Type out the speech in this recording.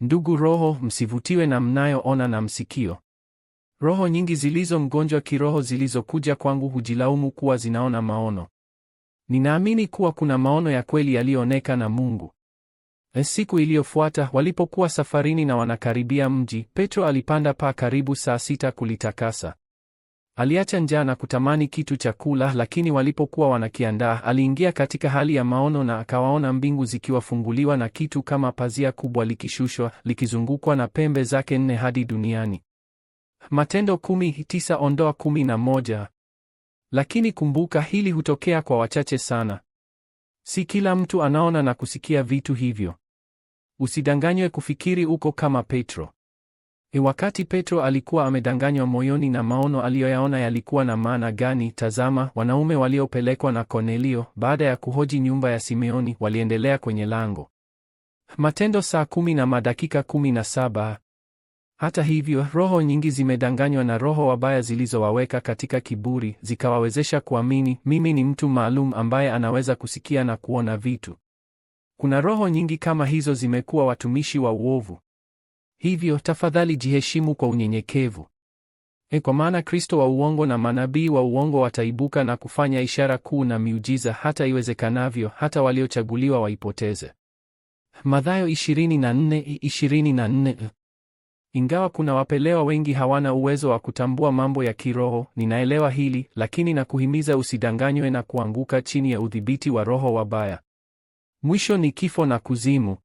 Ndugu roho, msivutiwe na mnayoona na msikio. Roho nyingi zilizo mgonjwa kiroho zilizokuja kwangu hujilaumu kuwa zinaona maono. Ninaamini kuwa kuna maono ya kweli yaliyooneka na Mungu. E, siku iliyofuata walipokuwa safarini na wanakaribia mji, Petro alipanda paa karibu saa sita kulitakasa. Aliacha njaa na kutamani kitu cha kula, lakini walipokuwa wanakiandaa, aliingia katika hali ya maono na akawaona mbingu zikiwafunguliwa na kitu kama pazia kubwa likishushwa, likizungukwa na pembe zake nne hadi duniani. Matendo kumi tisa ondoa kumi na moja. Lakini kumbuka, hili hutokea kwa wachache sana. Si kila mtu anaona na kusikia vitu hivyo. Usidanganywe kufikiri uko kama Petro. E, wakati Petro alikuwa amedanganywa moyoni na maono aliyoyaona yalikuwa na maana gani? Tazama, wanaume waliopelekwa na Kornelio baada ya kuhoji nyumba ya Simeoni waliendelea kwenye lango. Matendo saa kumi na madakika kumi na saba. Hata hivyo, roho nyingi zimedanganywa na roho wabaya zilizowaweka katika kiburi, zikawawezesha kuamini mimi ni mtu maalum ambaye anaweza kusikia na kuona vitu. Kuna roho nyingi kama hizo zimekuwa watumishi wa uovu. Hivyo tafadhali jiheshimu kwa unyenyekevu. E, kwa maana Kristo wa uongo na manabii wa uongo wataibuka na kufanya ishara kuu na miujiza hata iwezekanavyo, hata waliochaguliwa waipoteze. Mathayo 24:24. Ingawa kuna wapelewa wengi hawana uwezo wa kutambua mambo ya kiroho, ninaelewa hili, lakini nakuhimiza usidanganywe na kuanguka chini ya udhibiti wa roho wabaya. Mwisho ni kifo na kuzimu.